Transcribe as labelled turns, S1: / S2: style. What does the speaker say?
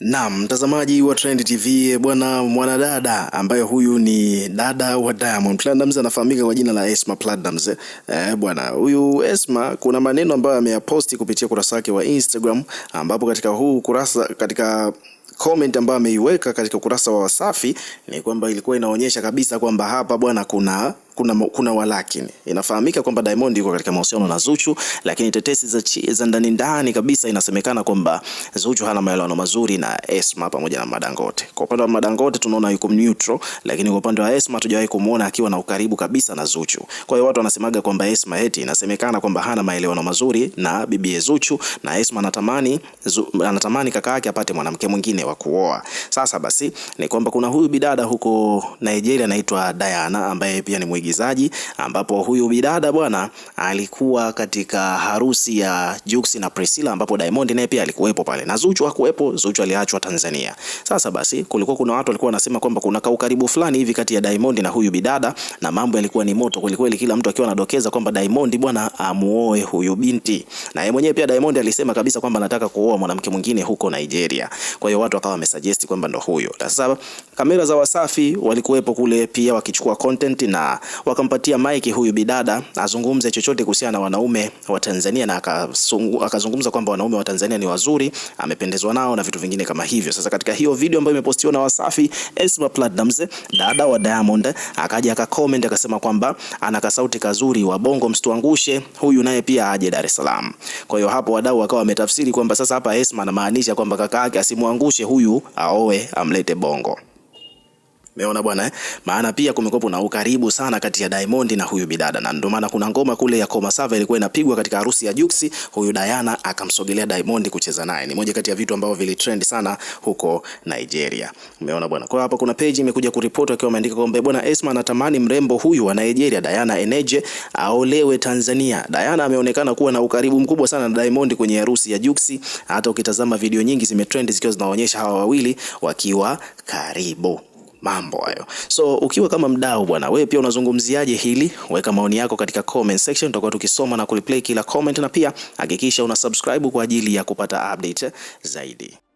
S1: Naam, mtazamaji wa Trend TV bwana, mwanadada ambaye huyu ni dada wa Diamond Platnumz anafahamika kwa jina la Esma Platnumz. Eh, bwana huyu Esma kuna maneno ambayo ameyaposti kupitia ukurasa wake wa Instagram ambapo katika huu kurasa katika comment ambayo ameiweka katika ukurasa wa Wasafi ni kwamba ilikuwa inaonyesha kabisa kwamba hapa bwana kuna kuna, kuna walakini. Inafahamika kwamba Diamond yuko katika mahusiano na Zuchu, lakini tetesi za, za ndani ndani kabisa inasemekana kwamba Zuchu hana maelewano mazuri na Esma pamoja na Madangote. Kwa upande wa Madangote tunaona yuko neutral, lakini kwa upande wa Esma tujawahi kumuona akiwa na ukaribu kabisa na Zuchu. Kwa hiyo watu wanasemaga kwamba Esma eti inasemekana kwamba hana maelewano mazuri na bibi Zuchu na Esma anatamani anatamani kaka yake apate mwanamke mwingine wa kuoa. Sasa basi ni kwamba kuna huyu bidada huko Nigeria anaitwa Diana ambaye pia ni mwigi mwigizaji, ambapo huyu bidada bwana alikuwa katika harusi ya Jux na Priscilla, ambapo Diamond naye pia alikuwepo pale na Zuchu hakuwepo. Zuchu aliachwa Tanzania. Sasa basi, kulikuwa kuna watu walikuwa wanasema kwamba kuna kaukaribu fulani hivi kati ya Diamond na huyu bidada, na mambo yalikuwa ni moto kweli, kila mtu akiwa anadokeza kwamba Diamond bwana amuoe huyu binti, na yeye mwenyewe pia Diamond alisema kabisa kwamba anataka kuoa mwanamke mwingine huko Nigeria. Kwa hiyo watu wakawa wamesuggest kwamba ndo huyo. Sasa kamera za Wasafi walikuwepo kule pia wakichukua content na wakampatia mike huyu bidada azungumze chochote kuhusiana na wanaume wa Tanzania, na akazungumza kwamba wanaume wa Tanzania ni wazuri, amependezwa nao na vitu vingine kama hivyo. Sasa katika hiyo video ambayo imepostiwa na Wasafi, Esma Platnumz dada wa Diamond akaja akacomment akasema kwamba ana kasauti kazuri, wabongo msituangushe, huyu naye pia aje Dar es Salaam. Kwa hiyo hapo wadau wakawa wametafsiri kwamba sasa hapa Esma anamaanisha kwamba kaka yake asimwangushe huyu, aoe amlete Bongo. Umeona bwana eh? Maana pia kumekuwa na ukaribu sana kati ya Diamond na huyu bidada, na ndio maana kuna ngoma kule ya Koma Sava ilikuwa inapigwa katika harusi ya Juksi, huyu Diana akamsogelea Diamond kucheza naye. Ni moja kati ya vitu ambavyo vilitrend sana huko Nigeria. Umeona bwana. Kwa hapa kuna page imekuja kuripoti akiwa ameandika kwamba eh, bwana Esma anatamani mrembo huyu wa Nigeria Diana Eneje aolewe Tanzania. Diana ameonekana kuwa na ukaribu mkubwa sana na Diamond kwenye harusi ya Juksi. Hata ukitazama video nyingi zimetrend zikiwa zinaonyesha hawa wawili wakiwa karibu mambo hayo. So ukiwa kama mdau bwana, wewe pia unazungumziaje hili? Weka maoni yako katika comment section, tutakuwa tukisoma na kureplay kila comment, na pia hakikisha una subscribe kwa ajili ya kupata update zaidi.